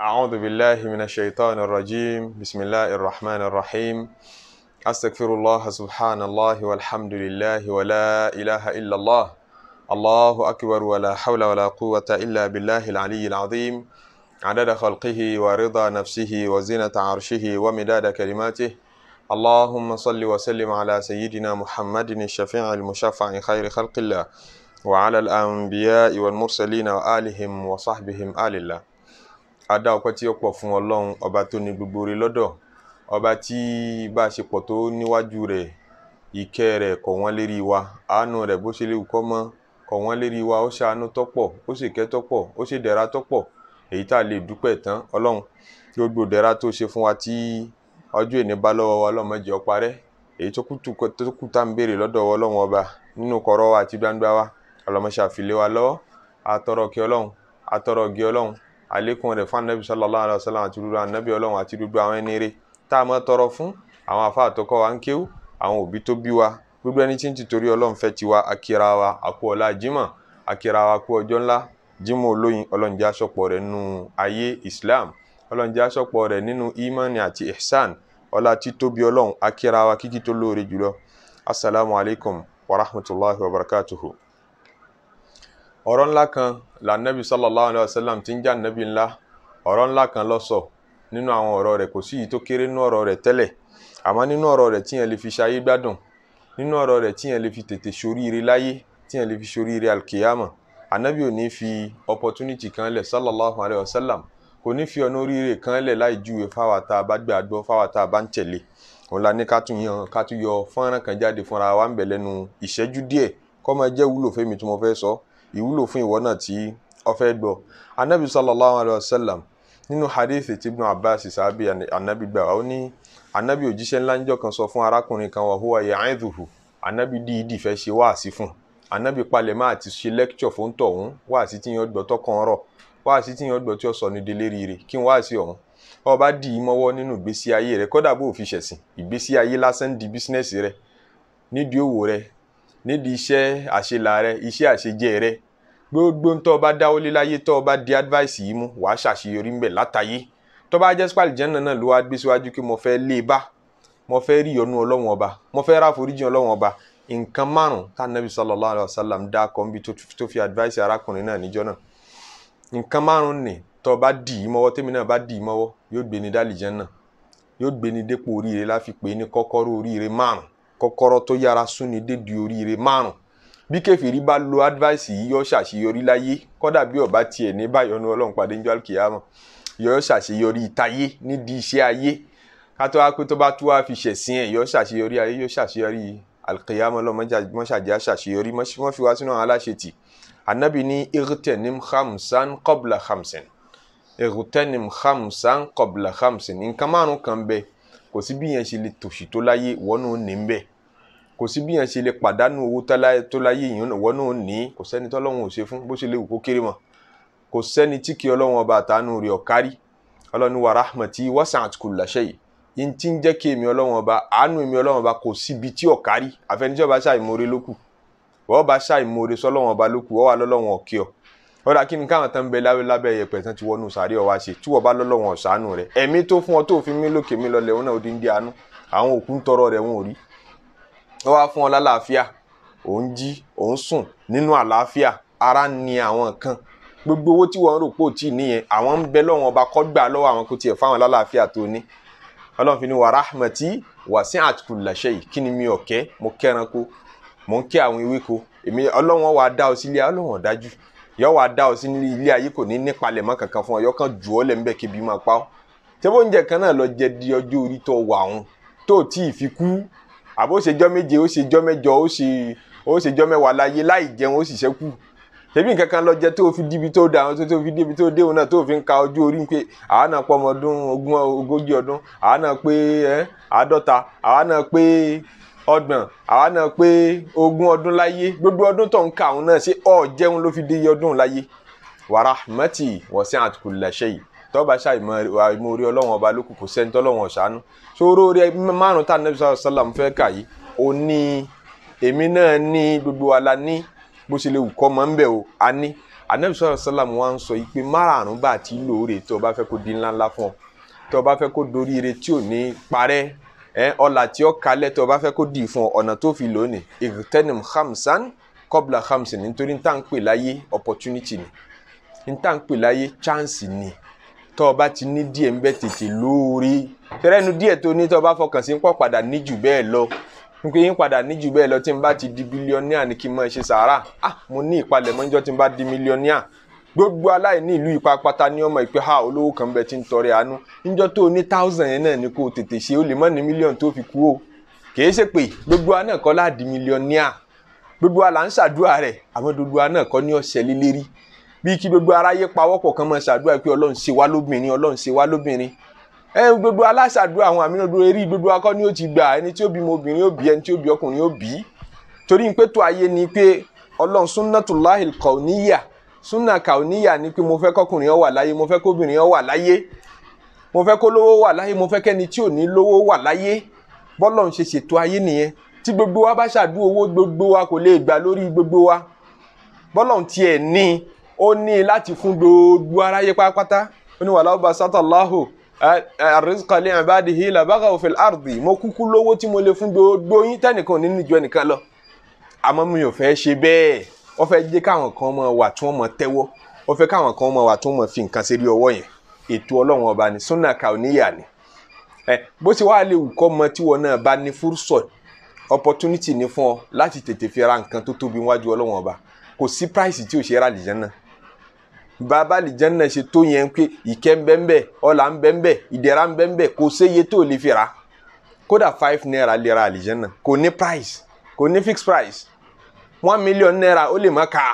أعوذ بالله من الشيطان الرجيم بسم الله الرحمن الرحيم أستغفر الله سبحان الله والحمد لله ولا إله إلا الله الله أكبر ولا حول ولا قوة إلا بالله العلي العظيم عدد خلقه ورضا نفسه وزنة عرشه ومداد كلماته اللهم صل وسلم على سيدنا محمد الشفيع المشفع خير خلق الله وعلى الأنبياء والمرسلين وآلهم وصحبهم آل الله adá ọpẹ́ tí ó pọ̀ fún Ọlọ́run ọba tó ní gbogbo rẹ̀ lọ́dọ̀ ọba tí bá a ṣe pọ̀ tó níwájú rẹ̀ ìkẹ́ rẹ̀ kò wọ́n lérí wa àánú rẹ̀ bó ṣe léwu kọ mọ kò wọ́n lérí wa ó ṣàánú tọ́pọ̀ ó ṣe kẹ́ tọ́pọ̀ ó ṣe dẹ̀ra tọ́pọ̀ èyí tá a lè dúpẹ́ tán Ọlọ́run gbogbo dẹ̀ra tó ṣe fún wa tí ọjọ́ ìní bá lọ́wọ́ wa Ọlọ́run má jẹ́ èyí tó kù tá ń béèrè lọ́dọ̀ Ọlọ́run ọba nínú kọ̀rọ̀ wa àti gbangba wa Ọlọ́run wa lọ́wọ́ àtọrọ kí Ọlọ́run àtọrọ gé Ọlọ́run àlékún rẹ̀ fún anabi sallallahu alayhi wa sallam àti rúra anabi ọlọ́run àti gbogbo àwọn ẹni rẹ̀ tá a máa tọrọ fún àwọn àfa àtọkọ wa ń kéwú àwọn òbí tó bí wa gbogbo ẹni tí ń ti torí ọlọ́run fẹ́ tiwa akira wa àkú ọ̀la jimá akira wa kú ọjọ́ ńlá jimá olóyin ọlọ́run jẹ́ aṣọ́pọ̀ rẹ̀ nínú ayé islam ọlọ́run jẹ́ aṣọ́pọ̀ rẹ̀ nínú imani àti ihsan ọlá títóbi ọlọ́run akira wa kíkí tó lóore jùlọ assalamu wa rahmatulahi wa barakatuhu ọ̀rọ̀ ńlá kan lànàbí sallallahu alayhi wa sallam ti ń já nàbí ńlá ọ̀rọ̀ ńlá kan ló sọ nínú àwọn ọ̀rọ̀ rẹ̀ kò sí yìí tó kéré nínú ọ̀rọ̀ rẹ̀ tẹ́lẹ̀ àmọ́ nínú ọ̀rọ̀ rẹ̀ tíyẹn lè fi ṣayé gbádùn nínú ọ̀rọ̀ rẹ̀ tíyẹn lè fi tètè ṣoríire láyé tíyẹn lè fi ṣoríire alkiyama anabi ò ní fi opportunity kan lẹ̀ sallallahu alayhi wa kò ní fi ọ̀nà oríire kan lẹ̀ láì júwe fáwa tá a bá gbé àgbọ̀ fáwa tá a bá ń tẹ̀lé la ní ká tún yan ká tún yọ fọ́nrán kan jáde ìwúlò fún ìwọ náà tí o fẹ́ gbọ́ anabi sallallahu alayhi wa sallam nínú hadithi tí ibnu abbas sábẹ́ anabi gbà ó ní anabi òjíṣẹ́ ńlá níjọ́ kan sọ fún arákùnrin kan wà huwa ya'idhuhu anabi díìdì fẹ́ ṣe wáàsí fún anabi palẹ̀mọ́ àti ṣe lecture fún tọ̀hún wáàsí tí yẹn gbọ́ tọkàn rọ̀ wáàsí tí yẹn gbọ́ sọ ní délé rire kí n wáàsí ọ̀hún ọba dì í mọ́wọ́ nínú ìgbésí ayé rẹ kódà bó o ṣẹ̀sìn ìgbésí ayé lásán di bísínẹ́sì rẹ nídìí òwò rẹ nídìí iṣẹ́ àṣelàrẹ iṣẹ́ àṣejẹ rẹ gbogbo ń tọ́ ọba dáwọ́lé láyé tọ́ ọba di advice yìí mú wàá ṣàṣeyọrí ńbẹ̀ látàyé tọ́ba ajẹ́ sípàlì jẹ́ náà ló wá gbé síwájú pé mo fẹ́ lé e bá mo fẹ́ rí ìyọ́nú ọlọ́run ọba mo fẹ́ ráforíjì ọlọ́run ọba nǹkan márùn tá nàbí sallallahu alayhi wa sallam dá kọ́ńbí tó fi advice arákùnrin náà níjọ́ náà nǹkan márùn ni tọ́ ọba dì í mọ́wọ́ tèmi náà bá dì í mọ́wọ́ yóò gbé ni dálì jẹ́ náà yóò gbé ni dépò oríire láfi pé ní kọ́kọ́rọ́ oríire márùn kọ́kọ́rọ́ tó yára súnni dé di oríire márùn bí kẹfìrí bá lo advice yìí yọ ṣàṣeyọrí láyé kódà bí ọba tiẹ̀ ní báyọnu Ọlọ́run pàdé níjọ́ àlùkìyámọ̀ yọ ṣàṣeyọrí táyé nídìí iṣẹ́ ayé kátó wá pé tó bá tú wá fi ṣẹ̀sìn ẹ̀ yọ ṣàṣeyọrí ayé yọ ṣàṣeyọrí alqiyama lọ mọ́ṣàjá ṣàṣeyọrí wọ́n fi wá sínú àwọn aláṣetì anabi ní irtenim hamsan qabla hamsin irtenim hamsan qabla hamsin nǹkan márùn kan bẹ kò sí bí yẹn ṣe lè tòṣì tó láyé wọnú ní bẹ́ẹ̀ kò sí bí yẹn ṣe lè pàdánù owó tó láyé yìí wọ́n náà ní kò sẹ́ni tó Ọlọ́run ò ṣe fún bó ṣe lè wù kó kéré mọ́ kò sẹ́ni tí kì Ọlọ́run ọba àtàánú rẹ̀ ọ̀kárí Ọlọ́run wa rahmati wasa'at kulla shay yìí tí ń jẹ́ kí èmi Ọlọ́run ọba àánú èmi Ọlọ́run ọba kò síbi tí ọ̀kárí àfẹnijọ́ bá ṣàìmoore lókù wọ́n bá ṣàìmoore sọ́lọ́run ọba lókù ọ wà wọ́n wá fún ọ lálàáfíà ò ń jí ò ń sùn nínú àlàáfíà ara ń ni àwọn nǹkan gbogbo owó tí wọ́n rò pò tí nìyẹn àwọn ń bẹ lọ́wọ́n ọba kó gbà lọ́wọ́ àwọn kò tiẹ̀ fáwọn lálàáfíà tó ní ọlọ́run fi ni wa rahmati wasi'at kulla shay kí ni mi ò kẹ́ mo kẹ́ranko mo ń kẹ́ àwọn ewéko èmi ọlọ́run wa dá ọ sílé ọlọ́run ọ̀dájú yọ wa dá ọ sílé ilé ayé kò ní nípalẹ̀ mọ́ kankan fún ọ yọ kan jù ọ́ lẹ́ ńbẹ́ kébi máa pa ọ́ tẹ́bọ̀ oúnjẹ kan náà lọ jẹ di ọjọ́ orí tó wà òun tó tí ì fi kú àbó ṣèjọ́ méje ó ṣèjọ́ mẹ́jọ ó ṣe ó ṣèjọ́ mẹ́wàá láyé láì jẹun ó sì ṣẹ́kù ṣebí nǹkan kan lọ jẹ tó fi díbi tó da àwọn tó tó fi díbi tó déhùn náà tó fi ń ka ojú orí pé àwa náà pọ ọmọ ọdún ogún ogójì ọdún àwa náà pé ẹ àádọ́ta àwa náà pé ọgbọ̀n àwa náà pé ogún ọdún láyé gbogbo ọdún tó ń ka àwọn náà ṣe ọ jẹun ló fi dé iye ọdún láyé wàrà mẹtì wọ́n sí àtùkù lẹ́sẹ̀ yìí tọ́ba ṣá ìmọ̀ orí ọlọ́wọ́n ọba lókù kò sẹ́ni tọ́lọ́wọ́n ṣàánú sóró orí márùn tá nẹ́bí sàlám fẹ́ kà yìí ó ní èmi náà ní gbogbo wa la ní bó ṣe lè wù kọ́ mọ́ ń bẹ̀ o a ní anẹ́bí sàlám wa ń sọ yìí pé márùn bá ti lóore tó o bá fẹ́ kó di ńlá ńlá fún ọ tó o bá fẹ́ kó dorí ire tí ò ní parẹ́ ẹ ọ̀là tí ó kalẹ̀ tó o bá fẹ́ kó dì fún ọ ọ̀nà tó fi lónìí ìrìtẹ́nìm hamsan kọ́bla hamsin nítorí ní tá à ń pè láyé opportunity ni ní tá à ń pè láyé chance ni tọ́ ọ bá ti ní díẹ̀ ń bẹ tètè lóore tẹ́rẹ́nu díẹ̀ tó ní tọ́ ọ bá fọkàn sí ń pọ̀ padà ní bẹ́ẹ̀ lọ n pé yín padà ní bẹ́ẹ̀ lọ tí n bá ti di bílíọ̀nìà ní kí n máa ṣe sàárà ah mo ní ìpalẹ̀mọ́ níjọ́ tí n bá di mílíọ̀nìà gbogbo aláìní ìlú ipa pátá ní ọmọ ìpè ha olówó kan bẹ ti ń tọrẹ àánú níjọ́ tó ní táùsàn yẹn náà ni kó o tètè ṣe o lè mọ́ ní mílíọ̀nù tó fi kú o kì í ṣe pé gbogbo aná kọ́ láà di mílíọ̀nìà gbogbo alà ń ṣàdúrà rẹ̀ àmọ́ gbogbo aná kọ́ ní ọ̀sẹ̀ lílérí bí kí gbogbo aráyé pawọ́pọ̀ kan máa ṣàdúrà pé ọlọ́run ṣe wá lóbìnrin ọlọ́run ṣe wá lóbìnrin ẹ gbogbo aláṣàdúrà àwọn àmì ọdún eré gbogbo akọ ni ó ti gbà ẹni tí ó bí mo obìnrin ó bí ẹni tí ó bí ọkùnrin ó bí torí pé tó ayé ni pé ọlọ́run sunnatullahi kauniya sunna kauniya ni pé mo fẹ́ kọkùnrin ó wà láyé mo fẹ́ kóbìnrin ó wà láyé mo fẹ́ kó lówó wà láyé mo fẹ́ kẹ́ni tí ò ní lówó wà láyé bọ́lọ̀ ń ṣe ṣètò ayé nìyẹn tí gbogbo wa bá ṣàdúrà owó gbogbo wa kò lè gbà lórí gbogbo wa bọ́lọ̀ ń tiẹ̀ ní ó ní láti fún gbogbo aráyé pátápátá ó ní wàláwù bá sátàláhù àrísìkàlẹ àbáde hìlà bága òfin àrùdì mo kúkú lówó tí mo lè fún gbogbo yín tẹnìkan nínú ìjọ nìkan lọ àmọ́ mi ò fẹ́ ṣe bẹ́ẹ̀ wọ́n fẹ́ jẹ́ káwọn kan mọ wà tí wọ́n mọ tẹ́wọ́ wọ́n fẹ́ káwọn kan mọ wà tí wọ́n mọ fi nǹkan sí rí ọwọ́ yẹn ètò Ọlọ́run ọba ni súnà kàóníyà ni ẹ bó ṣe wàá lè wù kọ́ mọ tí wọn náà bá ní fúrúsọ opportunity ni fún ọ láti tètè fi ra nǹkan tó tóbi wájú Ọlọ́run ọba price tí ò ṣe bàbá àlìjánná ṣe tó yẹn pé ìkẹ́ ń bẹ ń bẹ ọlà ń bẹ ń bẹ ìdẹ̀ra ń bẹ ń bẹ kò séye tó lè fi rà kódà five naira lè ra àlìjánná kò ní price kò ní fixed price one million naira ó lè má ka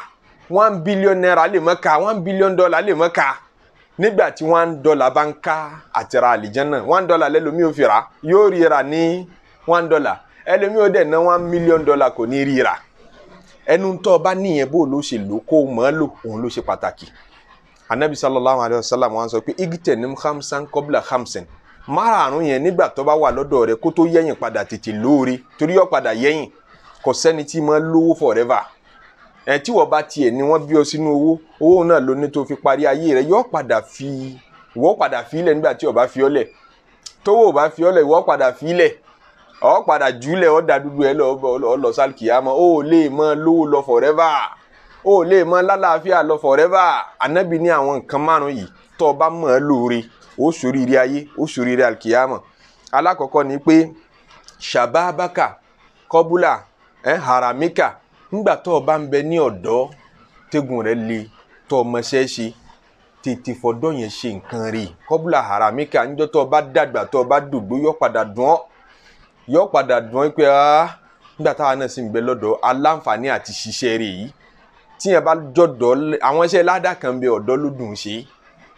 one billion naira lè má ka one billion dollar lè má ka nígbà tí one dollar bá ń ká àti ra one dollar lẹ́lòmí ò fi rà yóò rí ra ní one dollar ẹlòmí ò dẹ̀ ná one million dollar kò ní rí ra ẹnu tó o bá níyẹn bó o ló ṣe lò kó o mọ̀ ọ́ lò òun ló ṣe pàtàkì anabi sallallahu alayhi wa sallam wọn sọ pé igitẹ nim hamsan kọbla hamsin márààrún yẹn nígbà tó bá wà lọ́dọ̀ rẹ kó tó yẹ̀yìn padà tètè lóore torí yọ padà yẹ̀yìn kò sẹ́ni tí máa lówó forever ẹ tí wọ́n bá tiẹ̀ ni wọ́n bí ọ sínú owó owó náà ló ní tó fi parí ayé rẹ yọ padà fi wọ́n padà fi ilẹ̀ nígbà tí o bá fi ọlẹ̀ tówó o bá fi ọlẹ̀ wọ́n padà fi ilẹ̀ padà jùlẹ̀ ọ̀ dà dúdú ẹ lọ ọ lọ sálkìyàmọ́ ó lè máa lówó lọ forever. o lè mọ lálàáfíà lọ forever ànábì ní àwọn nǹkan márùn yìí tó o bá mọ̀ ẹ́ lóore ó ṣoríire ayé ó ṣoríire alkiyama alákọ̀ọ́kọ́ ni pé kọ́búlà ẹ̀ haramika nígbà tó o bá ń bẹ ní ọ̀dọ́ tẹ́gùn o ṣe tètè fọdọ́ yẹn ṣe nǹkan rí kọ́búlà haramika níjọ́ tó o bá dàgbà tó o bá yọ padà dùn ọ́ yọ padà dùn ọ́ pé ah, tíyẹn bá jọ̀dọ̀ àwọn iṣẹ́ ládà kan bẹ ọ̀dọ́ ló dùn ṣe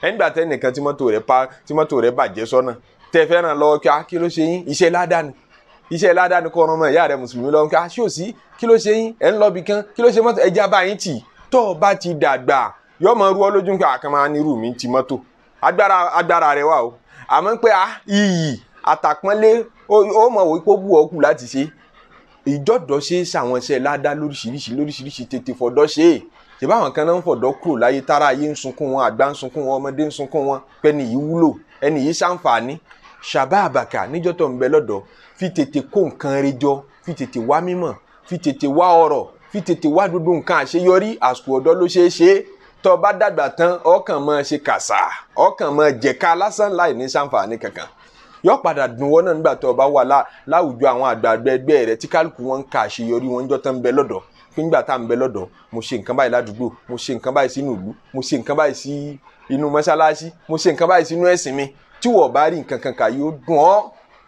ẹnìgbà tẹnìkan tí mọ́tò rẹ̀ pa tí mọ́tò rẹ̀ bàjẹ́ sọ́nà tẹ fẹ́ràn lọ kí a ah, kí ló ṣe yín iṣẹ́ ládà ni iṣẹ́ ládà ni kọ́ ọmọ ìyá rẹ̀ mùsùlùmí lọ́wọ́ kí a ah, ṣó sí kí ló ṣe yín ẹ̀ ń lọ bì kan kí ló ṣe mọ́tò ẹja báyìí tì tọ́ ọ bá ti dàgbà yọ mọ rú ọ lójú pé àkàn ah, máa nírú mi ti mọ́tò agbára agbára rẹ wà o àmọ́ pé a iyì àtàpọ́nlé ó mọ̀ wípé ó bù ọ́ láti ṣe ìjọ́dọ̀ ṣe é ṣàwọn iṣẹ́ ládá lóríṣiríṣi lóríṣiríṣi tètè fọ̀dọ̀ ṣe é ṣèbá àwọn kan náà ń fọ̀dọ̀ kúrò láyé tára ayé ń sunkún wọn àgbà ń sunkún wọn ọmọdé ń sunkún wọn pẹ́ni yìí wúlò ẹni yìí ṣàǹfààní ṣàbá àbàkà níjọ́ tó ń bẹ lọ́dọ̀ fi tètè kó nǹkan rẹ jọ fi tètè wá mímọ̀ fi tètè wá ọrọ̀ fi tètè wá dúdú nǹkan àṣeyọrí àsìkò ọ̀dọ́ ló ṣeé ṣe tó bá dàgbà tán ọkàn máa ṣe kàṣà ọkàn máa jẹ̀ka lásán láì ní ṣàǹfààní kankan yọ padà dùn wọ́n náà nígbà tó o bá wà láwùjọ àwọn àgbààgbà ẹgbẹ́ rẹ tí kálukú wọn ń ka àṣeyọrí wọn ń jọ tán bẹ lọ́dọ̀ nígbà tá à ń bẹ lọ́dọ̀ mo ṣe nǹkan báyìí ládùúgbò mo ṣe nǹkan báyìí sínú ìlú mo ṣe nǹkan báyìí sí inú mọ́ṣáláṣí mo ṣe nǹkan báyìí sínú ẹ̀sìn mi tí wọ́n bá rí nǹkan kan kà yóò dùn ọ́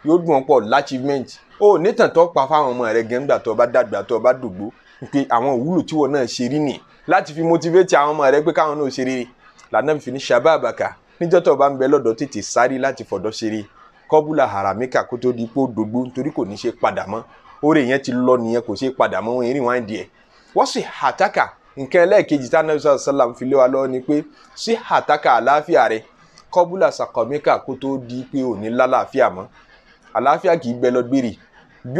yóò dùn ọ́ pọ̀ l'achievement o nítàn tó pa fáwọn ọmọ rẹ gẹ́gẹ́ nígbà tó o bá dàgbà tó o bá dògbó pé àwọn òwúlò tí wọ́n náà ṣe rí nì láti fi motivate àwọn ọmọ rẹ pé káwọn náà ṣe rere lànà fi ní sábà àbàkà níjọ́ tó bá ń bẹ lọ́dọ̀ tètè sáré láti fọ̀dọ̀ ṣe kọ́bùlà haramika kó tó di pé ó dògbó nítorí kò ní ṣe padà mọ́ oore yẹn ti lọ nìyẹn kò ṣe padà mọ́ wọn ìrìn wáńdì ẹ̀ wọ́n sì hàtàkà nǹkan ẹlẹ́ẹ̀kejì tá nàbí sàlám fi lé wa lọ́wọ́ ni pé sí hàtàkà àlàáfíà rẹ kọ́bùlà sàkọ́míkà kó tó di pé ò ní lálàáfíà mọ́ àlàáfíà kì í bẹ lọ bí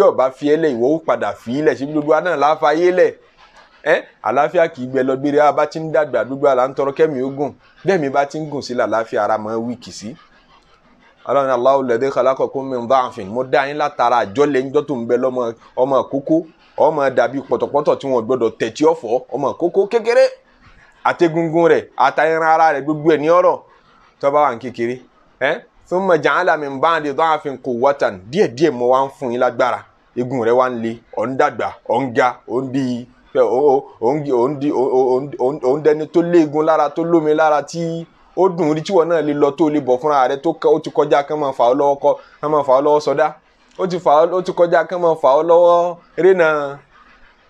ọba fi ẹlẹ ìwọ ó padà fi í lẹ ṣe gbogbo aná láfa ayé lẹ ẹ àlàáfíà kì í gbẹ lọ abá ti ń dàgbà gbogbo àlà kẹmí ó gùn bá ti ń gùn sí làlàáfíà ara mọ wíìkì sí. Si ọlọ́run ní Allahu alladhi khalaqakum min dha'fin mo dá la látara àjọlẹ̀ ńjọ́ tó ń bẹ lọ́mọ ọmọ kókó ọmọ dàbí pọ̀tọ̀pọ̀tọ̀ tí wọ́n gbọ́dọ̀ tẹ̀tí ọ̀fọ́ ọmọ kókó kékeré àtẹgungun rẹ̀ àtàyẹ̀rẹ̀ ara rẹ̀ gbogbo ẹ̀ ní ọ̀rọ̀ tó bá wà ní kékeré ẹ́ thumma ja'ala min ba'di dha'fin quwwatan díẹ̀díẹ̀ mo wá ń fún yín lágbára egun rẹ̀ wá ń le ọ̀ ń dàgbà ọ̀ ń ga ọ̀ di ọ̀ ń dẹni tó léegun lára tó lómi lára ó dùn rí tíwọ náà lè lọ tó lè bọ̀ fúnra rẹ tó ó ti kọjá kán máa fà ọ́ lọ́wọ́ kọ́ kán máa fà ọ́ ti fà ọ́ ó ti rena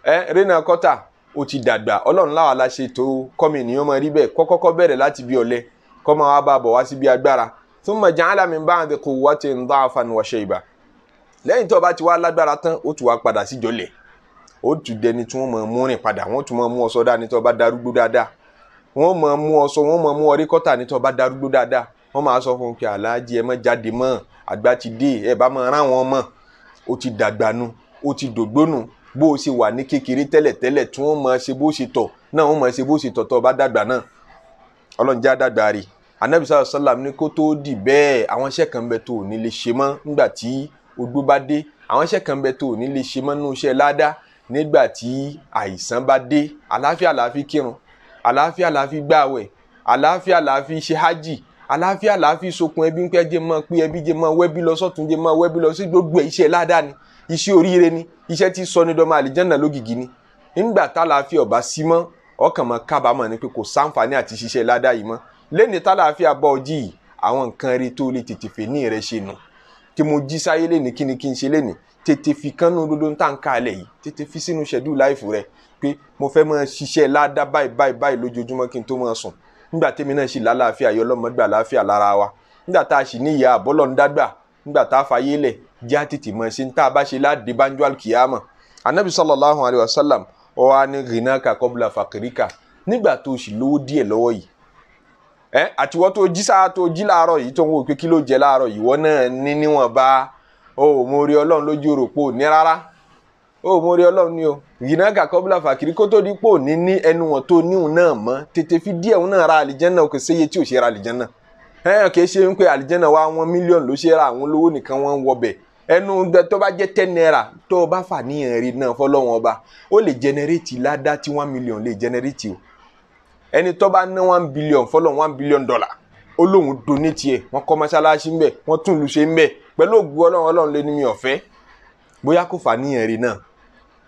ẹ rena kọ́tà ó ti dàgbà ọlọ́run láwa la ṣe tó kọ́mi ènìyàn máa rí bẹ́ẹ̀ kọ́kọ́kọ́ bẹ̀rẹ̀ láti bí wa lẹ́yìn tó o bá ti wá lágbára tán ó wá padà ó dẹni tí wọ́n mú rìn padà wọ́n tún mú ọ sọ́dá ni tó o bá darúgbó wọ́n máa mú ọ sọ wọ́n máa mú ọ rí kọ́tà ní tó bá darúgbó dáadáa wọ́n máa sọ fún un pé aláàjì ẹ má jáde mọ́ àgbà ti dé ẹ bá máa rán wọn mọ́ ó ti dàgbà nu ó ti dògbónu bó o ṣe wà ní kékeré tẹ́lẹ̀tẹ́lẹ̀ tí wọ́n máa ṣe bó ṣe tọ̀ náà wọ́n máa ṣe bó ṣe tọ̀ tó bá dàgbà náà ọlọ́run jẹ́ àdàgbà rè anabi sallallahu alayhi wa sallam ní kó tó di bẹ́ẹ̀ àwọn iṣẹ́ kan bẹ tó ní lè ṣe mọ́ nígbà tí ogbó bá dé àwọn iṣẹ́ kan bẹ tó ní lè ṣe mọ́ nínú iṣẹ́ ládàá nígbà tí àìsàn bá dé àlàáfíà làá kírun àlàáfíà la fi gbààwẹ̀ àlàáfíà la fi ṣe hajj àlàáfíà la fi sokun ẹbí ń pẹ́ jẹ́ mọ́ pé ẹbí jẹ́ mọ́ wẹ́bí lọ sọ́tún jẹ́ mọ́ wẹ́bí lọ sí gbogbo iṣẹ́ ládàá ni iṣẹ́ oríire ni iṣẹ́ tí sọ ní dọ́mọ àlìjẹ́nà lógìgì ni nígbà tálàáfíà ọ̀bá sí mọ́ ọkàn mọ́ kábàámọ̀ ni pé kò sáǹfààní àti ṣiṣẹ́ ládàá yìí mọ́ lẹ́ni tálàáfíà bọ́ ọjí yìí àwọn nǹkan rí tó lè tètè fè ní ìrẹsẹ̀ nù kí mo jí sáyé lẹ́ni kí ni kí n ṣe lẹ́ni tètè fi kánú dodo tá n kalẹ̀ yìí tètè fi sínú schedule life rẹ pé mo fẹ́ máa ṣiṣẹ́ ládá báyìí báyìí báyìí lójoojúmọ́ kí n tó máa sùn nígbà tèmi náà sì lálàáfíà yọ lọ́mọdé àlàáfíà lára wa nígbà tá a sì ní ìyá àbọ́lọ̀ ń dágbà nígbà tá a fàyè lẹ̀ jẹ́ àtètè mọ̀ ṣe ń tá a bá ṣe láàdé banjo alkiyama anabi sallallahu alayhi wa sallam ọ wa ní rinaka kọbla fakirika nígbà tó o sì lówó díẹ̀ lọ́wọ́ yìí ẹ àtiwọ́ tó jí sáà tó jí láàárọ̀ yìí tó ń wò pé kí ló jẹ láàárọ̀ yìí wọ́n náà ní níwọ̀n bá o ò mọ orí ọlọ́run lójú rò pò ní rárá o ò mọ orí ọlọ́run ni o yìnyín kàkọ́bílà fàkìrí kó tó di pò ní ní ẹnu wọn tó níhùn náà mọ́ tètè fi díẹ̀ òun náà ra àlìjẹ́nà o kò séye tí ò ṣe ra àlìjẹ́nà ẹ̀yàn kì í ṣe ń pé àlìjẹ́nà wa wọn mílíọ̀nù ló ṣe ra àwọn olówó nìkan wọn ń wọbẹ̀ ẹnu tó bá jẹ́ ten naira tó o bá fà níyàn rí náà fọlọ́wọn ọba ó lè jẹnẹrétì ládá tí one million lè jẹnẹrétì o ẹni tó bá ná one billion fọlọ́wọn one billion dollar ó lóun donate yẹ e. wọ́n kọ́ mọ́ṣáláṣí ń bẹ̀ tún lu ṣe pẹ̀lú ògùn ọlọ́run ọlọ́run lé ní mi ọ̀fẹ́ bóyá kò fà níyàn rí náà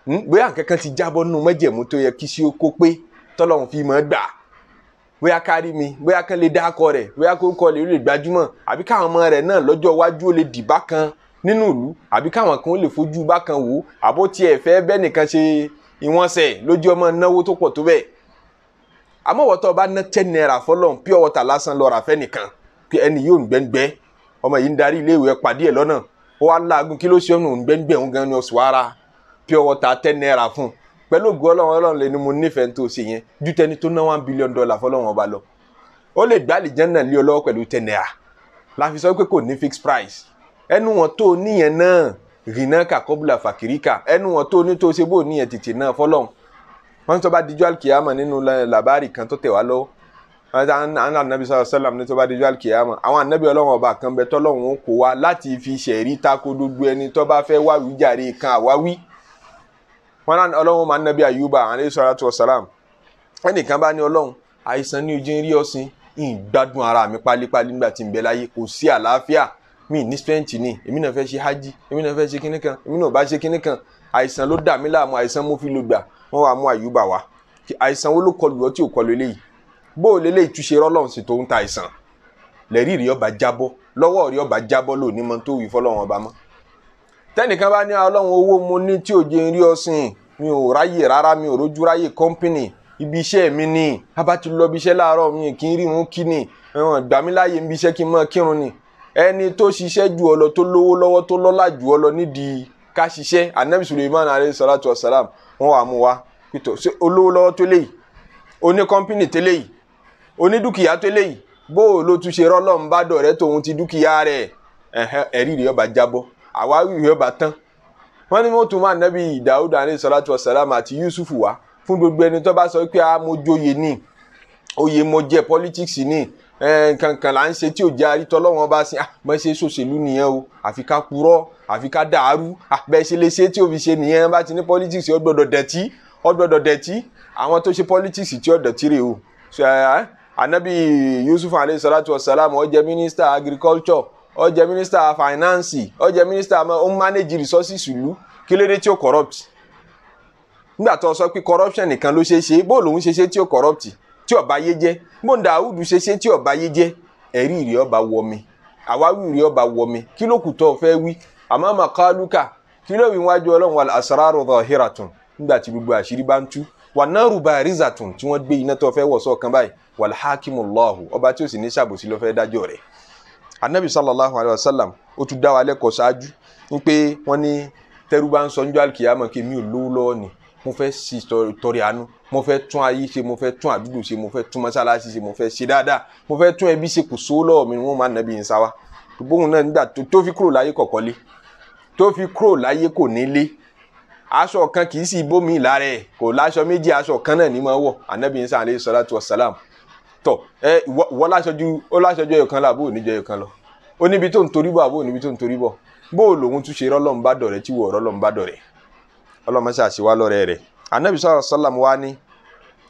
hmm? bóyá nǹkan kan ti jábọ́ nínú mẹ́jẹ̀mú tó yẹ kí sí kó pé tọ́lọ́run fi máa gbà bóyá kárí mi bóyá kan lè dákọ rẹ̀ bóyá kó kọ lè lè gbajúmọ̀ àbí káwọn ọmọ rẹ̀ náà lọ́jọ́ iwájú ó lè dìbá kan nínú ìlú àbí káwọn kan ó lè fojú bákan wò àbó tiẹ̀ fẹ́ bẹ́ẹ̀ nìkan ṣe ìwọ̀nsẹ̀ lójú ọmọ náwó tó pọ̀ tó bẹ́ẹ̀ àmọ́ bá ná ten naira fọlọ́n pure water lásán lọ́ra fẹ́ nìkan ẹni yóò gbẹ́ngbẹ́ ọmọ yìí ń darí iléèwé pàdé ẹ̀ lọ́nà ó wá láàgùn kí ló ṣe ọ̀nà òǹgbẹ́ngbẹ̀ òun gan ni ọ̀sùn ara pure water ten naira fún un pẹ̀lú ògùn ọlọ́run ọlọ́run lè mo nífẹ̀ẹ́ tó ṣe yẹn ju tẹni tó ná one billion dollar fọlọ́run ọba lọ ó lè gbá àlìjẹ́nà lé ọlọ́wọ́ pẹ̀lú ten naira la fi sọ pé kò ní fixed price ẹnu wọn tó níyẹn náà rìnnà kàkọ́bùlà fàkìríkà ẹnu wọn tó ní tó ṣe bó níyẹn tètè náà fọlọ́run wọn sọ bá dijọ́ àlùkìyàmọ̀ nínú làbárì kan tó tẹ̀ wá lọ́wọ́ àná anabi sallallahu alayhi wa sallam ní tó bá dijọ́ alikiyama àwọn anabi ọlọ́run ọba kan bẹ tọ́lọ́run ó kó wa láti fi ṣẹ̀rí tako gbogbo ẹni tó bá fẹ́ wáwí jàre kan àwáwí wọn náà ọlọ́run máa nabi ayuba alayhi salatu wa salam ẹnìkan bá ní ọlọ́run àìsàn ní ojú ń rí ọ̀sìn ìgbádùn ara mi pálípálí nígbà tí ń bẹ láyé kò sí àlàáfíà mi ní strength ni èmi náà fẹ́ ṣe hajj èmi náà fẹ́ ṣe kinní kan èmi náà bá ṣe kinní kan àìsàn ló dà mí láàmú àìsàn mo fi lò gbà wọ́n wàá mú àyùbá wá àìsàn wo ló kọlù ọ tí ò kọlù bó o lélẹ̀ ìtúnṣe rọ́lọ́run sì tó ń ta àìsàn lẹ́rí rí ọba jábọ́ lọ́wọ́ rí ọba jábọ́ lónìí mọ́ tó wí fọlọ́run ọba mọ́ tẹ́nìkan bá ní ah, ọlọ́run owó mo ní tí òjò ń rí ọsìn mi ò ráyè rárá mi ò rójú ráyè kọ́ńpìnì ibi iṣẹ́ mi ni a bá ti lọ ibi iṣẹ́ láàárọ̀ mi kì í rírun kí ni ẹ̀wọ̀n gbà mí láàyè ibi iṣẹ́ kí n mọ́ kírun ni ẹni tó ṣiṣẹ́ jù ọ lọ tó lówó lọ́wọ́ tó lọ́lá jù ọ lọ nídìí ká ṣiṣẹ́ anabi suleiman alayhi salatu wa salam wọ́n wà mú wa olówó lọ́wọ́ tó léyìí oní kọ́ńpìnì tó léyìí onídùkìyà tó léyìí bó o ló tún ṣe rọ́lọ́ ń bá dọ̀rẹ́ tòun ti dúkìá rẹ̀ ẹ̀rí rẹ̀ ọba jábọ́ àwáwí rẹ̀ ọba tán wọ́n ní mọ́tò máa nẹ́bí Dáúdà ní sọ́látù ọ̀sálàmù àti Yusuf wá fún gbogbo ẹni tó bá sọ pé a mo joyè ní oyè mo jẹ politics ní kankan là ń ṣe tí ò jẹ́ arítọ́ lọ́wọ́n bá sin mọ́ ah, ṣe sòṣèlú nìyẹn o àfi ká purọ́ àfi ká dàárú ah, bẹ́ẹ̀ ṣe lè ṣe tí ò fi ṣe nìyẹn bá ti ní politics ó gbọ́dọ̀ dẹ̀tí ó gbọ́dọ̀ dẹ̀tí àwọn tó ṣe politics tí ó dẹ̀tí rè o anabi yusuf alayhi salatu wasalam ó jẹ́ minister agriculture ó jẹ́ minister finance ó jẹ́ minister ó ń manage resources ìlú kílódé tí ó corrupt nígbà tó sọ pé corruption nìkan ló ṣeé ṣe bó lòun ṣe tí ó corrupt tí ó yé jẹ́ bó ń ṣe tí ó yé jẹ́ ẹ̀rí ìrì ọba àwáwí ìrì ọba kí wí àmọ́ màkàlùkà kí ló wí wájú ọlọ́run wà náírù bá rizatun tí wọ́n gbé iná tó fẹ́ wọ̀ sọ́ọ̀kan báyìí wal hakimu Allahu ọba tí ó sì ní sàbòsí ló fẹ́ dájọ́ rẹ̀ anabi sallallahu alayhi wa sallam ó tún dá wa lẹ́kọ̀ọ́ ṣáájú wípé wọ́n ní tẹ́rú ń sọ níjọ́ àlùkìyàmọ̀ kí mi ò lówó lọ́wọ́ ni mo fẹ́ sí tọrẹ àánú mo fẹ́ tún ayé ṣe mo fẹ́ tún àdúgbò ṣe mo fẹ́ tún mọ́ṣáláṣí ṣe mo fẹ́ ṣe dáadáa mo fẹ́ tún ẹbí ṣe kò sówó lọ́wọ́ mi ni wọ́n máa nàbí yín sáwá gbogbo òun náà nígbà tó fi kúrò láyé kọ̀kọ́ lé tó fi kúrò láyé kò ní lé aṣọ kan kì í sì bómi lára ẹ kò láṣọ méjì aṣọ kan náà ní máa wọ anabi isa aleyhi salatu wa salam tọ ẹ wọ láṣọjú ó láṣọjú ẹyọ kan láàbò oníjọ ẹyọ kan lọ ó níbi tó ń torí bọ àbò níbi tó ń torí bọ bó o lòun tún ṣe rọlọ́n bá dọ̀rẹ́ tí wọ́ọ̀rọ́ lọ́n bá dọ̀rẹ́ ọlọ́mọ àṣìwá lọ́rẹ́ rẹ̀ anabi sallallahu alayhi wa sallam wá ní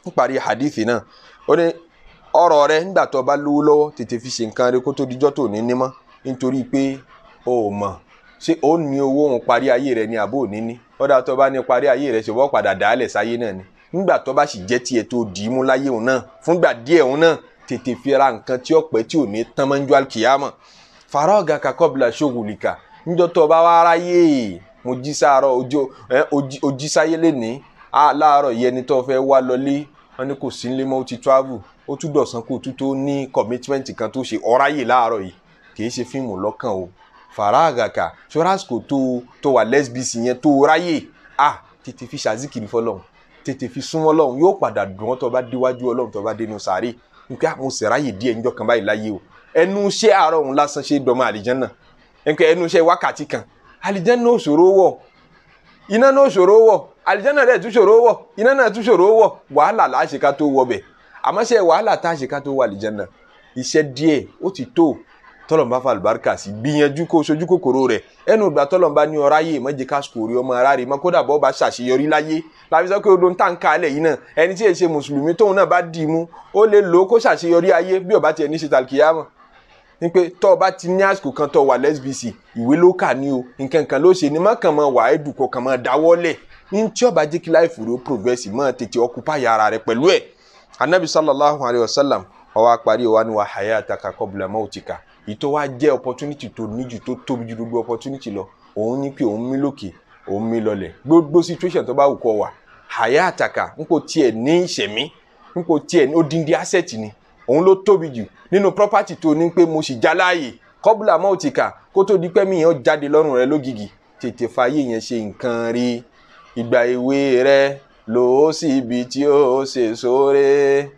níparí hadith náà ó ní ọ̀rọ̀ rẹ nígbà tó bá lówó lọ́wọ́ tètè fi ṣe nǹkan rẹ kó tó dijọ́ tó ní ní mọ́ nítorí pé o ò mọ̀ ṣé ó ní owó òun parí ayé rẹ ni àbó òní ní ọ̀dà tó bá ní parí ayé rẹ ṣe wọ́n padà dàálẹ̀ sáyé náà ni nígbà tó bá sì jẹ́ tiẹ̀ tó dì í mú láyé òun náà fúngbà díẹ̀ òun náà tètè fi ra nǹkan tí ó tí ò ní tán máa ń ju alkiyama faraga kakọ́bla ṣòwòlìkà níjọ́ tó bá wá ráyè mo jí sáárọ̀ ojí sáyé lẹ́ni láàárọ̀ yẹn ni tó fẹ́ wá lọlé wọn ni kò sí nílé mọ́ ó ti travel ó tún dọ̀sán kó tún tó ní commitment kan tó ṣe ọ̀ráyè láàárọ̀ yìí kì í ṣe fíìmù lọ́kàn o faragaka ṣọ́ra àsìkò tó tó wà lsbc yẹn tó ráyè ah tètè fi ṣàzìkìrì fọ́lọ́run tètè fi súnmọ́ Ọlọ́run yóò padà dùn ọ́ tó bá déwájú Ọlọ́run tó bá dénú sàárè nípa mo sì ráyè díẹ̀ kan báyìí láyé o ẹnu iṣẹ́ àárọ̀ òun lásán ṣe dọmọ àlìjánà ẹnkẹ ẹnu iṣẹ́ wákàtí kan àlìjánà ò ṣòro wọ̀ iná náà ṣòro wọ̀ àlìjánà rẹ̀ tún ṣòro wọ̀ iná náà tún ṣòro wọ̀ wàhálà láṣeká tó wọbẹ̀ àmọ́ ṣe wàhálà tá àṣeká tó wọ àlìjánà iṣẹ́ díẹ̀ ó ti tó tọ́lọ̀n bá fa àlùbáríkà sí gbìyànjú kó sojú kòkòrò rẹ̀ ẹnu ìgbà tọ́lọ̀n bá ní ọ̀rá yé má jẹ́ kásìkò orí ọmọ ara rẹ̀ mọ́ kódà bọ́ ba ṣàṣeyọrí láyé láfi sọ pé odò ń tà ń ka alẹ̀ yìí náà ẹni tí èsè mùsùlùmí tóun náà bá dì í mú ó lè lò kó ṣàṣeyọrí ayé bí ọba tiẹ̀ ní ṣe tàlùkìyà mọ̀ ní pé tọ́ ọ ti ní àsìkò kan tọ́ wà lẹ́sbìsì ìwé ló kà ní o nǹkan kan ló ṣe ni má kàn máa wà á dùn kọ kàn máa dáwọ́lẹ̀ ní tí ọba jẹ́ kí láì fòrò progressi máa tètè occupy ara rẹ̀ pẹ̀lú ẹ̀ anabi sallallahu alayhi wa sallam ó wá parí ó wá ní wa hayataka qabla mautika ìtò wa jẹ́ opportunity tó níjù tó tóbi ju gbogbo opportunity lọ òun ní pé òun mí lókè òun mí lọlẹ̀ gbogbo situation tó bá wù kó wà àyà àtàkà n kò tiẹ̀ ní ìṣẹ̀mí n kò tiẹ̀ ní odindi asset ni òun ló tóbi jù nínú property tó ní pé mo sì já láàyè kọ́bùlà mọ́ òtì kà kó tó di pé mi yẹn jáde lọ́rùn rẹ lógìgì tètè fààyè yẹn ṣe nǹkan rí ìgbà èwe rẹ lò sí ibi tí ó ṣe sóore. So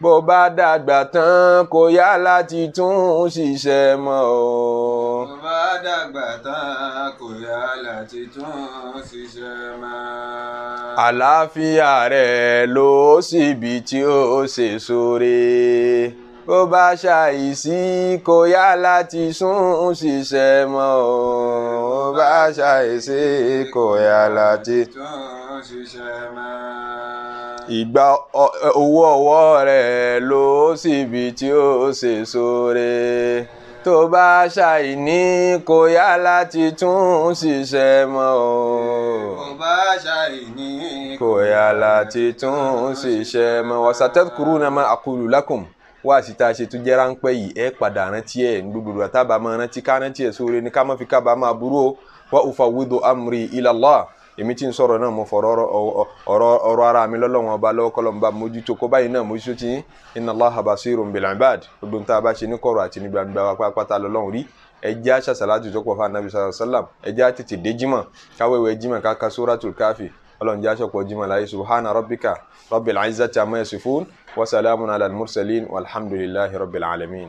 bó bá dàgbà tán kò yá láti tún ṣiṣẹ́ mọ́ o. bó bá dàgbà tán kò yá láti tún ṣiṣẹ́ mọ́. àlàáfíà rẹ̀ ló síbi tí ó ṣe sóore. bó bá ṣàìsí kò yá láti sún ṣiṣẹ́ mọ́ o. bó bá ṣàìsí kò yá láti tún ṣiṣẹ́ mọ́ ìgbà owó ọwọ́ rẹ̀ lò ó síbi tí ó ṣe sóore tó bá ṣàìní kò yá láti tún ṣiṣẹ́ mọ́ o. tó bá ṣàìní kò yá láti tún ṣiṣẹ́ mọ́ o. wasatadhkuruna ma aqulu lakum wá sí tá a ṣe tún jẹ́ ráńpẹ́ yìí ẹ padà rántí ẹ̀ gbogbo àtàbàmọ́ rántí ká rántí ẹ̀ sóore ní ká má fi kábàámọ̀ aburú wa ufawwidu amri ila Allah èmi tí ń sọ̀rọ̀ náà mo fọ̀rọ̀ ọ̀rọ̀ ọ̀rọ̀ ara mi lọ́lọ́wọ́n ọba lọ́wọ́ kọ́lọ́ mo bá mójútó kó báyìí náà mójútó ti yín inna Allaha basirun bil ibad gbogbo tá a bá ṣe ní kọ̀rọ̀ àti ní gbangba wa pátá lọ́lọ́run rí ẹjẹ́ aṣàṣàlátù tó pọ̀ fún anabi sallam ẹjẹ́ àtètè dé jimá káwéwé jimá káka suratul káfí ọlọ́run jẹ́ aṣọ́pọ̀ jimá láyé